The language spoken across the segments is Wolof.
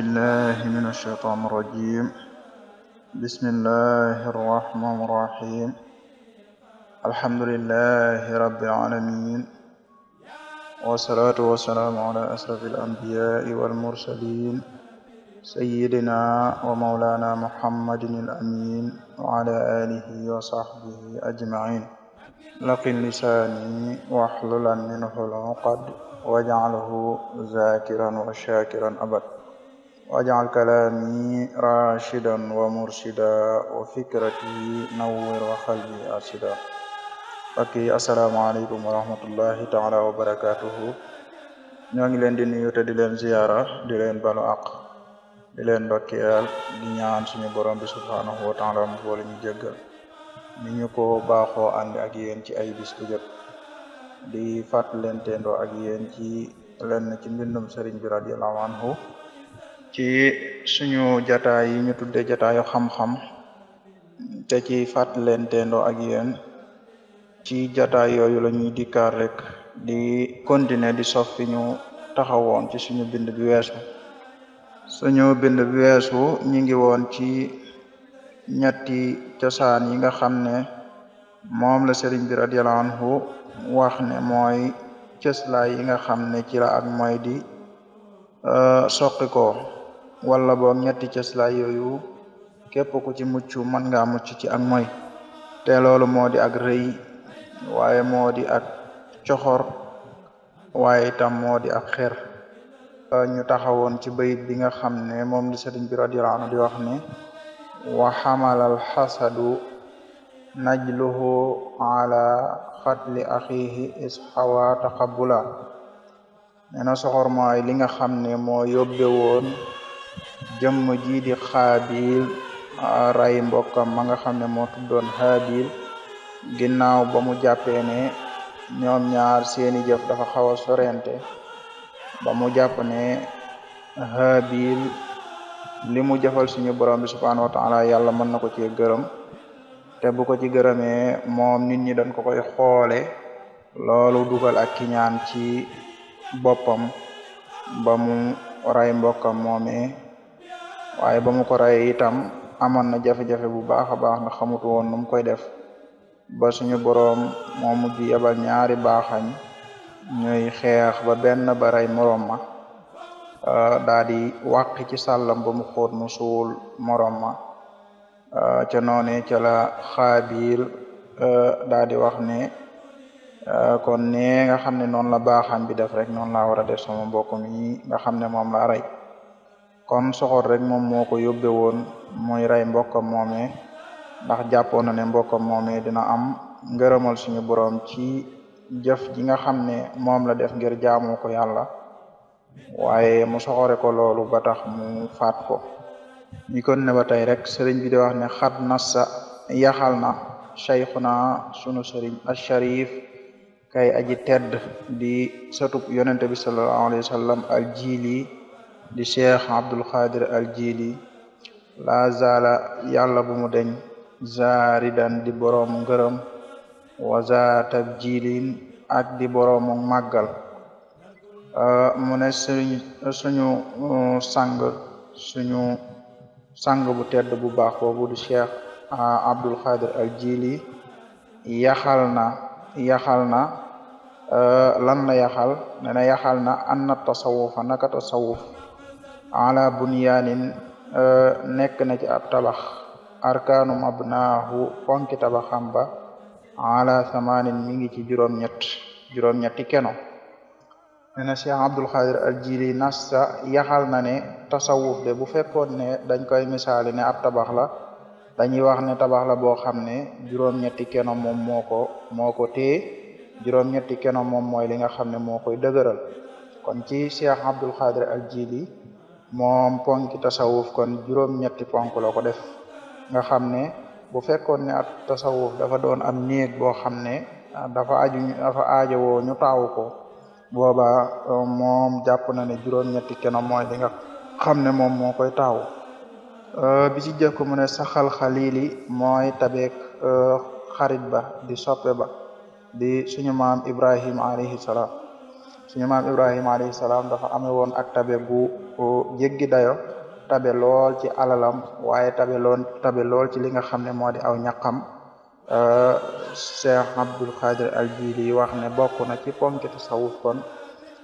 بالله من الشيطان الرجيم بسم الله الرحمن الرحيم الحمد لله رب العالمين والصلاة والسلام على أشرف الأنبياء والمرسلين سيدنا ومولانا محمد الأمين وعلى آله وصحبه أجمعين لقن لساني واحلل منه العقد واجعله ذاكرا وشاكرا أبدا واجعل كلامي راشدا ومرشدا وفكرتي نور وقلبي أرشدا ok asalaamaaleykum wa rahmatullahi taala wa barakatuhu ñoo ngi leen di nuyu di leen ziyaara di leen balu àq di leen ndokkeel di ñaan suñu borom bi subhaanahu wa taala mu boole ñu jéggal ni ñu ko baaxoo ànd ak yéen ci ay bis bu jot di fàttalentendoo ak yéen ci lenn ci mbindum sëriñ bi radiallahu anhu ci suñu jataay yi ñu tudde jataayu xam-xam te ci fàttalenteendoo ak yéen ci jataay yooyu lañu ñuy rek di continuer di sof fi ñu taxawoon ci suñu bind weesu suñu bind weesu ñu ngi woon ci ñetti cosaan yi nga xam ne moom la sëriñ bi radiyallahu anhu wax ne mooy cëslaay yi nga xam ne ci la ak mooy di euh, soqi ko wala boog ñetti cëslaay yooyu képp ku ci mucc mën nga mucc ci ak moy te loolu moo di ak rëy waaye moo di ak coxor waaye itam moo di ak xeer ñu taxawoon ci bayit bi nga xam ne moom di sëriñ bi radiyallahu anhu di ne wa xamalal xasadu najluhu ala xatli axihi isxawa taqabula nee na soxor mooy li nga xam ne moo yóbbe woon jëmm ji di xaabil ray mbokkam ma nga xam ne moo tuddoon xaabil ginnaaw ba mu jàppee ne ñoom ñaar seeni jëf dafa xaw a sorente ba mu jàpp ne xaabil li mu jëfal suñu borom bi subhanahu wa yàlla mën na ko ci gërëm te bu ko ci gërëmee moom nit ñi dañ ko koy xoole loolu dugal ak kiñaan ci boppam ba mu ray mbokkam moomee waaye ba mu ko rey itam amoon na jafe-jafe bu baax a baax ndax xamutu woon nu mu koy def ba suñu boroom moo mujj yebal ñaari baaxañ ñuy xeex ba benn ba rey moroom ma euh, daa di ci sàllam ba mu xóot mu suul moroom ma euh, ca noone ca la xaabiir euh, daa di wax ne kon nee nga xam ne noonu la baaxañ bi def rek noonu laa war a def sama mbokk mi nga xam ne moom laa rey kon soxor rek moom moo ko yóbbe woon mooy rey mbokkam moomee ndax jàppoon na ne mbokkam moomee dina am ngërëmal suñu boroom ci jëf ji nga xam ne moom la def ngir jaamu ko yàlla waaye mu soxore ko loolu batax tax mu faat ko ñi kon ne ba tey rek sëriñ bi di wax ne xat nassa yaxal na cheikhuna sunu sëriñ asharif kay aji tedd di satub yonente bi sallallahu alayhi wa di cheikh abdul qadir al jili laa zaala yàlla bu mu deñ zaaridan di boroom ngërëm wa za di boroomu màggal ah, mu ne suñu suñu uh, sang suñu sang bu tedd bu baax boobu di cheikh ah, abdul qadir al jili yaxal na yaxal na ah, lan la yaxal ne na yaxal na an na tasawufa naka tasawuf a ala bunyaanin euh, nekk na ci ab tabax arkaanu mabnaahu ponki tabaxam ba ala samaanin mi ngi ci juróom ñett juróom ñetti keno nee na cheikh abdul xadir al nassa yaxal na ne tasawuf de bu fekkoon ne dañ koy misaali ne ab tabax la dañuy wax ne tabax la boo xam ne juróom-ñetti keno moom moo ko moo ko juróom-ñetti keno moom mooy li nga xam ne moo koy dëgëral kon ci cheikh abdul xadir al moom ponki tasawuf kon juróom-ñetti ponk la ko def nga xam ne bu fekkoon ne at tasawuf dafa doon am néeg boo xam ne ah, dafa aju dafa aajowoo ñu taaw ko booba euh, moom jàpp na ne juróom-ñetti keno mooy li nga xam ne moom moo koy taaw euh, bi ci jëkk mu ne saxal xalili mooy tabeek euh, xarit ba di soppe ba di suñu maam ibrahim alayhi salaam suñu maam ibrahim alayhi salaam dafa amee woon ak tabe bu ku jéggi dayo tabe lool ci alalam waaye tabe lool lool ci li nga xam ne moo di aw ñaqam euh, Cheikh Abdul Qadir al Jili yi wax ne bokk na ci ponki tasawuf kon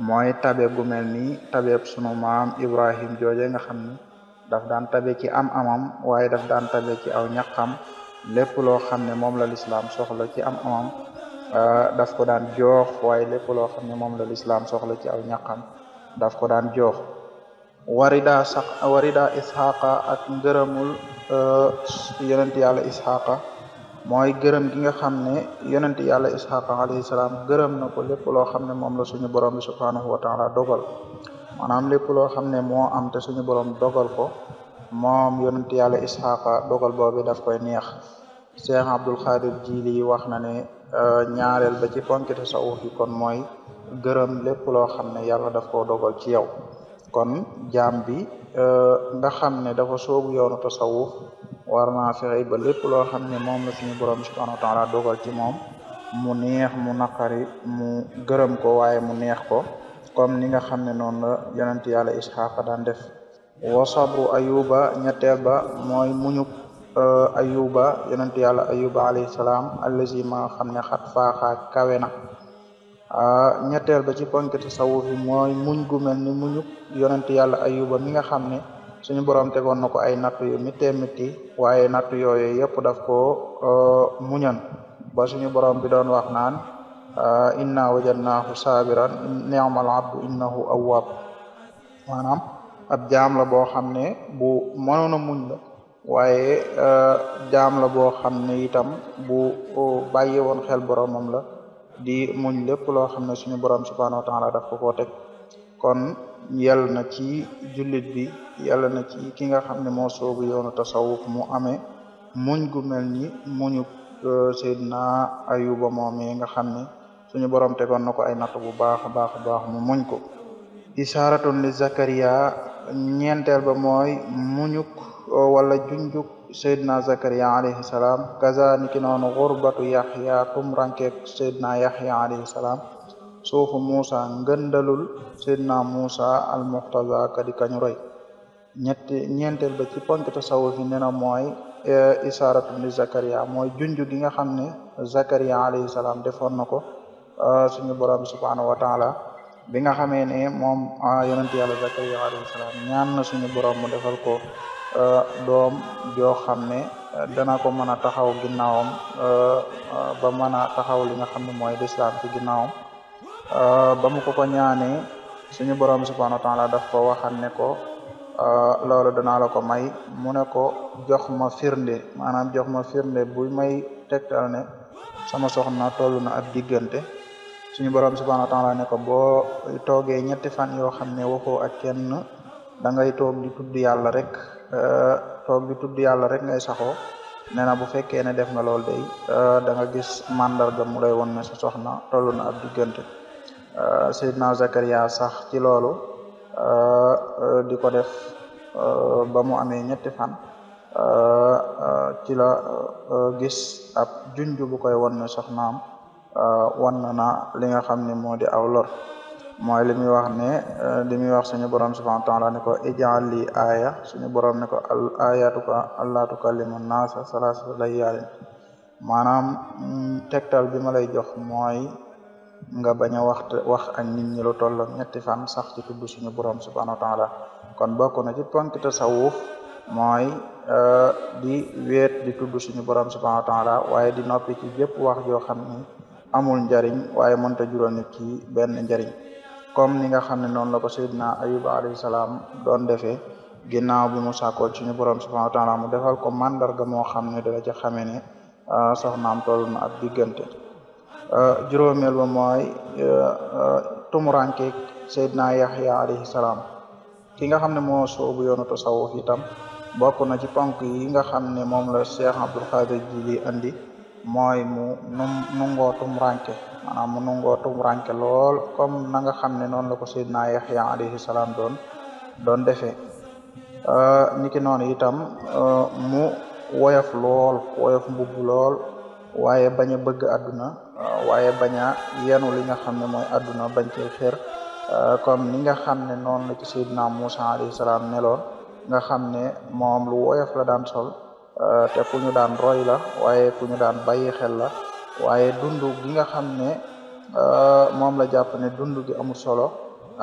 mooy tabe gu mel nii tabeeb sunu Ibrahim jooje nga xam ni daf daan tabe ci am amam waaye daf daan tabe ci aw ñaqam lépp loo xam ne moom la lislaam soxla ci am amam euh, daf ko daan joox waaye lépp loo xam ne moom la lislaam soxla ci aw ñaqam daf ko daan joox warida sax warida isxaqa ak ngërëmul euh, yonent yàlla isxaqa mooy gërëm gi nga xam ne yonent yàlla isxaqa alayhi salaam gërëm na ko lépp loo xam ne moom la suñu borom bi subhaanahu wa taala dogal maanaam lépp loo xam ne moo am te suñu borom dogal ko moom yonent yàlla isxaqa dogal bi daf koy neex cheikh abdul xaadir jili wax na ne euh, ñaareel ba ci ponki tasawuf yi kon mooy gërëm lépp loo xam ne yàlla daf koo dogal ci yow kon jaam bi euh, nga xam ne dafa soobu yoonu tasawuf war naa fexe ba lépp loo xam ne moom la suñu borom subhanahu wa taala dogal ci moom mu neex mu naqari mu gërëm ko waaye mu neex ko comme ni nga xam ne noonu la yonent yàlla isxaaqa daan def wa sabru ayuba ñetteel ba mooy muñub euh, ayuba yonent yàlla ayuba alayhi salaam allazi ma xam ne xat faaxaa kawe na ñetteel ba ci ponk tasawuf yi mooy muñ gu mel ni muñu yonent yàlla ayuba mi nga xam ne suñu borom tegoon na ko ay natt yu mittee mitti waaye natt yooyu yëpp daf ko muñan ba suñu borom bi doon wax naan inna wajadnaahu sabiran ni'mal abdu innahu awwab maanaam ab jaam la boo xam ne bu mënoon a muñ la waaye jaam la boo xam ne itam bu bàyyi woon xel boromam la di muñ lépp loo xam ne suñu borom subhanahu wa taala daf ko koo teg kon yal na ci jullit bi yàlla na ci ki nga xam ne moo soobu yoonu tasawuf mu ame muñ gu mel ni muñu euh, Seydina mo moomee nga xam ne suñu borom tegoon na ko ay natt bu baax a baax a baax mu muñ ko isaaratun li Zakaria ñeenteel ba mooy muñuk wala junjuk seydna zakariya alayhi salaam kaza niki noonu xurbatu yaxya tumrankeek seydna yaxya alayhi salaam suufu musa ngëndalul seydna musa al muxtaza kadi ñeenteel ba ci ponk tasawuf yi nee na mooy e, isaaratu ni zakariya mooy junju gi nga xam ne zakariya alayhi salaam defoon na ko suñu borom bi subhanahu wa taala bi nga xamee ne moom yonent yàlla ñaan na suñu borom mu defal ko Euh, doom joo xam ne euh, dana ko mën a taxaw ginnaawam euh, ba mën a taxaw li nga xam ne mooy lislaam ci ginnaawam ba mu ko ko ñaanee suñu borom subhanahu wa taala daf ko waxan ne ko loolu danaa la ko may mu ne ko jox ma firnde maanaam jox ma firnde bu may tegtal ne sama soxna toll na ab diggante suñu borom subhanahu wa taala ne ko boo toogee ñetti fan yoo xam ne waxoo ak kenn da ngay toog di tudd yàlla rek Euh, toog di tudd yàlla rek ngay saxoo nee na bu fekkee ne def nga lool day euh, da nga gis mandarga mu lay won ne sa soxna toll na ab diggante euh, Seydina Zakaria sax ci loolu di ko def ba mu amee ñetti fan ci la gis ab junj bu koy won ne soxnaam wan na na li nga xam ni moo di aw mooy li muy wax ne euh, li muy wax suñu borom subhanahu wa taala ne ko ijal li aya suñu borom ne ko al ayatuka allah tukallimu naasa salaasata layaalin maanaam mm, tegtal bi ma lay jox mooy nga bañ wax wax ak nit ñi lu ñetti fan sax ci tudd suñu borom subhanahu wa taala kon bokk na ci ponk tasawuf mooy euh, di weet di tudd suñu borom subhanahu wa taala waaye di noppi ci jëpp wax joo xam ni amul njariñ waaye mënta jural nit ki benn njariñ comme ni nga xam ne noonu la ko sayidna ayub alayhi salaam doon defee ginnaaw bi mu sàkkoo ci ñu borom subhanahu wa taala mu defal ko mandarga moo xam ne dala ca xamee ne ah, soxnaam toll na ab diggante ah, juróomeel ba mooy ah, tumuranke sayidna yahya alayhi salaam ki nga xam ne moo soobu yoonu tasawuf itam bokk na ci ponk yi nga xam ne moom la cheikh abdul xaadir ji indi mooy mu num nungoo tumuranke maanaam mu lool comme na nga xam ne noonu la ko sayyidina Yaxya alayhi salaam doon doon defee euh, niki noonu itam euh, mu woyof lool woyof mbubb lool waaye bañ a bëgg àdduna euh, waaye bañ yenu li nga xam ne mooy àdduna bañ cee xër comme ni nga xam ne noonu la ci sayyidina Musa alayhi salaam meloon nga xam ne moom lu woyof la daan sol Euh, te ku ñu daan roy la waaye ku ñu daan bàyyi xel la waaye dund gi nga xam ne euh, moom la jàpp ne dund gi amul solo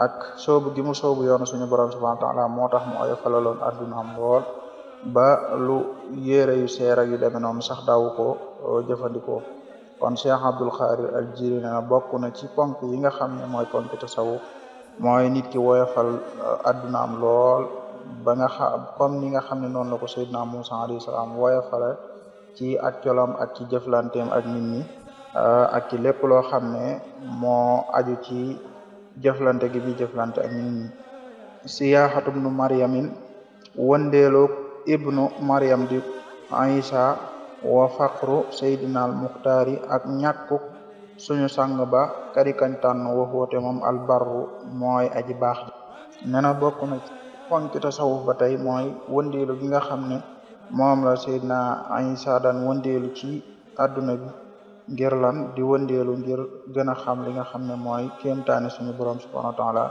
ak soobu gi mu soobu yoonu suñu borom subhanahu wa taala moo tax mu oyo falaloon adduna am lool ba lu yére yu seer ak yu demee noonu sax daawu ko euh, jëfandikoo kon Cheikh Abdul Xaadir al Jiilaani na bokk na ci ponk yi nga xam ne mooy ponk tasawuf mooy nit ki woyofal adduna am lool ba nga xam comme ni nga xam ne noonu la ko Seydina Musa alayhi salaam wooye fale ci ak colam ak ci jëflanteem ak nit ñi euh, ak ci lépp loo xam ne moo aju ci jëflante gi bi jëflante ak nit ñi siyaaxatu ibnu mariamin wëndeeloo ibnu mariam di isa wa faqru Seydina al muxtaari ak ñàkkuk suñu sang ba karikantan waxoote moom albarru mooy aji baax nena bokk na ponk tasawuf ba tey mooy wëndeelu gi nga xam ne moom la Seydina Isa ci àdduna bi ngir lan di wëndeelu ngir gën a xam li nga xam ne mooy kéemtaane suñu borom subhanahu wa taala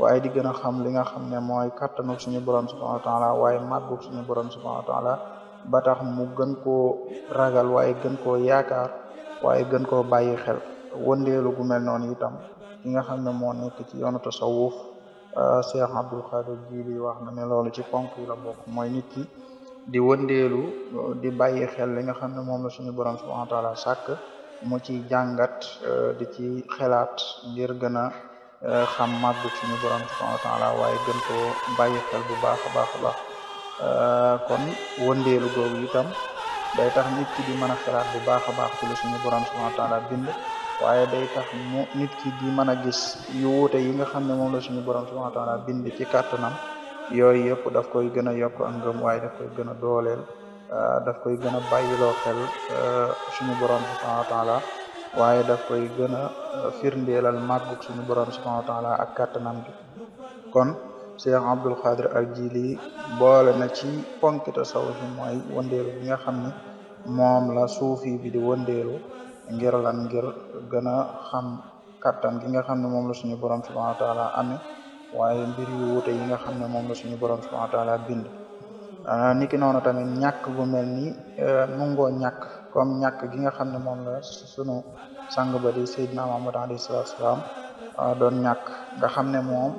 waaye di gën a xam li nga xam ne mooy kattanu suñu borom subhanahu wa taala waaye màggu suñu borom subhanahu wa ba tax mu gën koo ragal waaye gën ko yaakaar waaye gën koo bàyyi xel wëndeelu gu mel noonu itam ki nga xam ne moo nekk ci yoonu tasawuf Euh, Cheikh Abdul Qadir Jili wax na ne loolu ci ponk yu la bokk mooy nit ki di wëndeelu di bàyyi xel li nga xam ne moom la suñu borom subhanahu wa taala sàkk mu ci jàngat euh, di ci xelaat ngir gën a euh, xam màggu suñu borom subhanahu wa taala waaye gën koo bàyyi xel bu baax a baax a baax kon wëndeelu googu itam day tax nit ki di mën a xelaat bu baax a baax ci la suñu borom subhanahu wa taala bind waaye day tax mu nit ki di mën a gis yu wuute yi nga xam ne moom la suñu borom subhanahu wa taala bind ci kàttanam yooyu yëpp daf koy gën a yokk ak ngëm waaye daf koy gën a dooleel euh, daf koy gën a bàyyiloo xel euh, suñu borom subhanahu wa taala waaye daf koy gën a euh, firndeelal màggug suñu borom subhanahu wa taala ak kàttanam gi kon Cheikh Abdul Qadir al Jili boole na ci ponkita saw si mooy wëndeelu bi nga xam ne moom la suufi bi di wëndeelu ngir lan ngir gën a xam kattan gi nga xam ne moom la suñu borom subhanahu wa taala amee waaye mbir yu wuute yi nga xam ne moom la suñu borom subhanahu wa taala bind ah, niki noonu tamit ñàkk bu mel ni eh, nungoo ñàkk ñàkk gi nga xam ne moom la suñu sang ba di Seydina Muhammad alayhi salaatu ah, ñàkk nga xam ne moom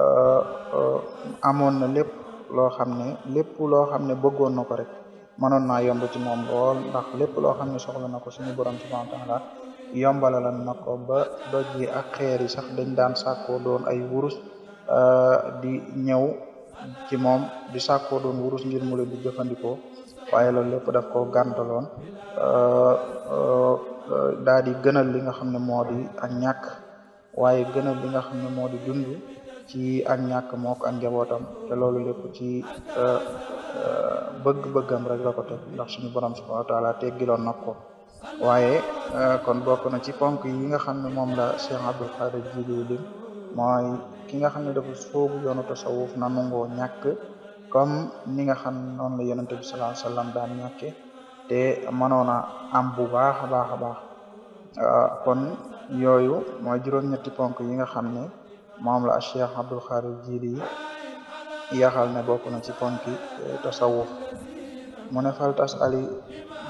eh, eh, amoon na lépp loo xam ne lépp loo xam ne bëggoon na ko rek mënoon naa yomb ci moom lool ndax lépp loo xam ne soxla na ko suñu borom subhanahu wa taala yombalalal na ko ba doj yi ak xeer yi sax dañ daan sàkkoo doon ay wurus euh, di ñëw ci moom di sàkkoo doon wurus ngir mu leen di jëfandikoo waaye loolu lépp daf ko gàntaloon euh, euh, daa di gënal li nga xam ne moo di ak ñàkk waaye gënal li nga xam ne moo di ci ak ñàkk moo ko ak te loolu lépp ci euh, euh, bëgg-bëggam rek la ko teg ndax suñu borom subhanahu wa taala teggiloon na ko waaye euh, kon bokk na ci ponk yi nga xam ne moom la Cheikh Abdul Qadir Jilani lim mooy ki nga xam ne dafa soobu yoonu tasawuf na nangoo ñàkk comme ni nga xam noonu la yonente bi sallallahu daan ñàkke te mënoon a am bu baax a baax a kon yooyu mooy juróom-ñetti ponk yi nga xam ne moom la Cheikh Abdul Xaadir Jiili yi yaxal ne bokk na ci ponki eh, tasawuf mu faltas ali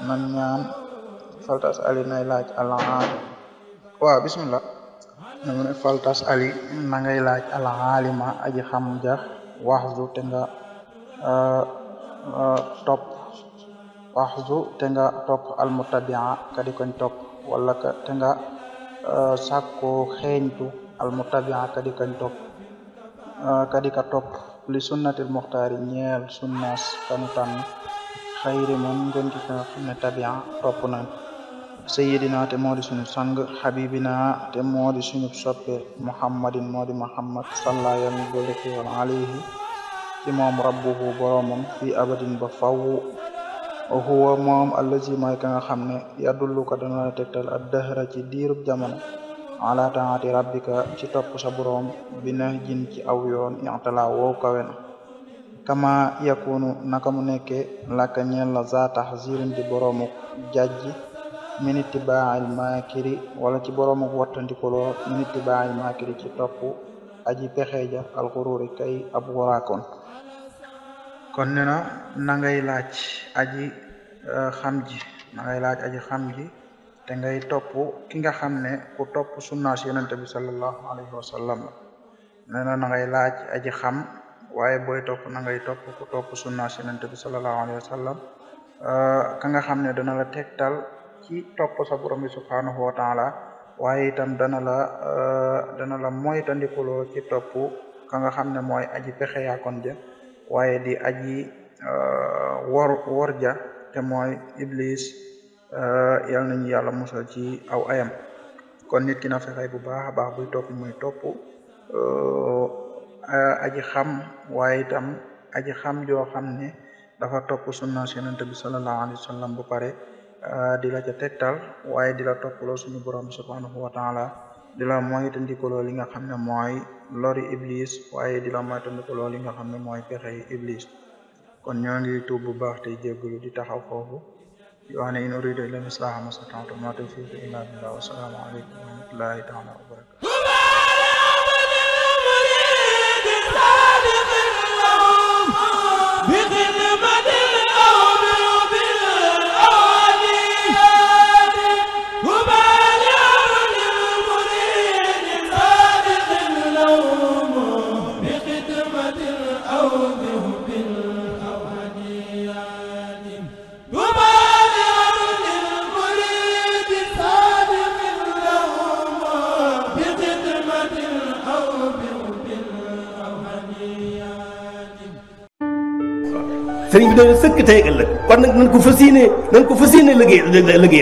man ñaan faltas ali nay laaj alaal waaw bismillah mu ne faltas ali na ngay laaj alaalima aji xam ja waxzu te nga eh, eh, topp waxzu te nga topp koñ topp wala ka te nga sàkko xeeñtu al mutabia kadi kañ topp ah, kadi ka topp li sunnatil muxtaari ñeel sunnaas kanu tànn xayri moom ngën ki ka nga xam ne tabia topp nañ te moo di suñu sang xabibina te moo di suñu soppe muhammadin moo di muhammad salla yàlla wala alayhi ci moom rabbuhu boromam fii abadin ba faw huwa moom allazi may ka nga xam ne yadullu ko dana la tegtal ad dahra ci diirub jamono ala taati rabbika ci topp sa boroom bina jin ci aw yoon yaxtala woo kama yakunu naka mu nekke laka ñeel la za tahzirin ci boroomu jaji miniti baal maakiri wala ci boroomu wattandikuloo miniti baal maakiri ci topp aji pexeja alxururi kay ab kon ne na eh, laaj aji xam ji laaj aji xam ji te ngay topp ki nga xam ne ku topp sunnaas yonente bi sallallahu alayhi wa sallam nee na na ngay laaj aji xam waaye booy topp na ngay topp ku topp sunnaas yonente bi sallallahu alayhi wa sallam euh, ka nga xam ne dana la tegtal ci topp sa borom bi subhaanahu taala waaye itam dana la euh, dana la moytandikuloo ci topp ka nga xam ne mooy aji pexe yaakoon ja waaye di aji euh, wor wor ja te mooy iblis Euh, yal nañu yàlla musal ci aw ayam kon nit ki na fexey bu baax a baax buy topp muy topp euh, aji xam waaye itam aji xam joo xam ne dafa topp sunna yonent bi sallallahu alayhi wa sallam bu pare euh, di la ca tegtal waaye di la toppaloo suñu borom subhanahu wa taala di la moytandikuloo li nga xam ne mooy lori iblis waaye di la li nga xam ne mooy pexey iblis kon ñoo ngi tuub bu baax tey jéggalu di taxaw foofu وأن إن أريد إلا الإصلاح ما استطعت وما توفيقي إلا بالله والسلام عليكم ورحمة الله تعالى وبركاته sëriñ bi de sëkk tey ëllëg kon nag nañ ko fas yéenee nañ ko fas yéenee liggéey liggéey